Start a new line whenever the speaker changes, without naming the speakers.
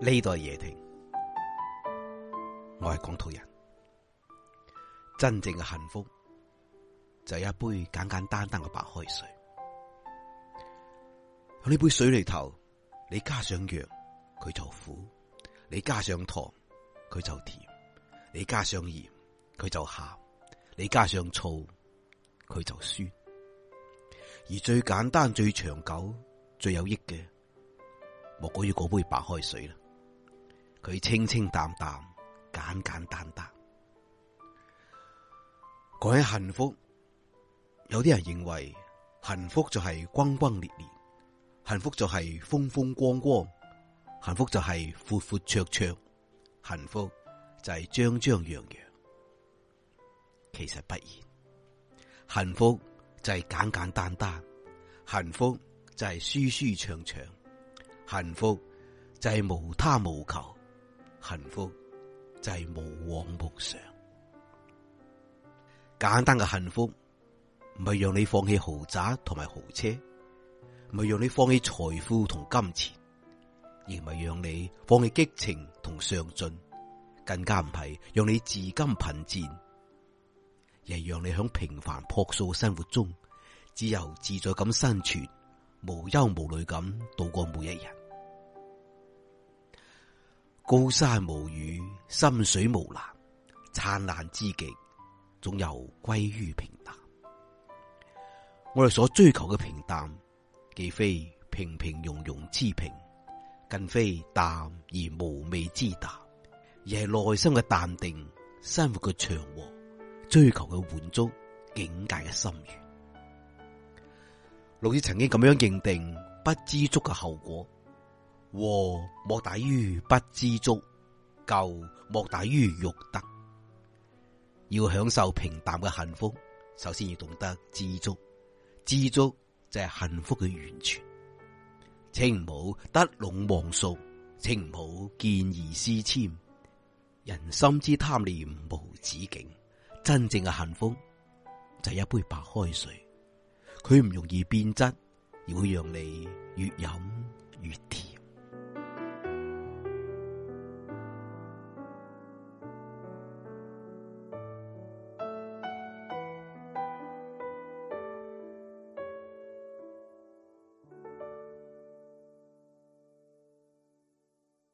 呢度係夜亭，我係廣土人。真正嘅幸福就係一杯簡簡單單嘅白開水。喺呢杯水裏頭，你加上藥佢就苦，你加上糖佢就甜，你加上鹽佢就鹹，你加上醋佢就酸。而最簡單、最長久、最有益嘅，莫過於嗰杯白開水啦。佢清清淡淡，簡簡單單。講起幸福，有啲人認為幸福就係轟轟烈烈，幸福就係風風光光，幸福就係闊闊綽綽，幸福就係張張揚揚。其實不然，幸福就係簡簡單單，幸福就係舒舒暢暢，幸福就係無他無求。幸福就係無往無常。簡單嘅幸福唔係讓你放棄豪宅同埋豪車，唔係讓你放棄財富同金錢，而唔係讓你放棄激情同上進，更加唔係讓你自甘貧賤，而係讓你響平凡樸素嘅生活中自由自在咁生存，無憂無慮咁度過每一日。高山無語，深水無瀾，燦爛之極，總有歸於平淡。我哋所追求嘅平淡，既非平平庸庸之平，更非淡而無味之淡，而係內心嘅淡定，生活嘅祥和，追求嘅滿足，境界嘅深遠。老子曾經咁樣認定，不知足嘅後果。和莫大於不知足，求莫大於欲得。要享受平淡嘅幸福，首先要懂得知足。知足就係幸福嘅源泉。請唔好得隴望蜀，請唔好見異思遷。人心之貪念無止境，真正嘅幸福就係一杯白開水，佢唔容易變質，而會讓你越飲。